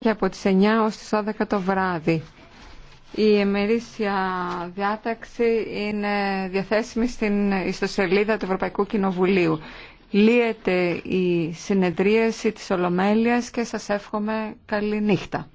και από τις 9 ως τις 12 το βράδυ. Η εμερήσια διάταξη είναι διαθέσιμη στην ιστοσελίδα του Ευρωπαϊκού Κοινοβουλίου. Λύεται η συνεδρίαση της Ολομέλειας και σας εύχομαι καλή νύχτα.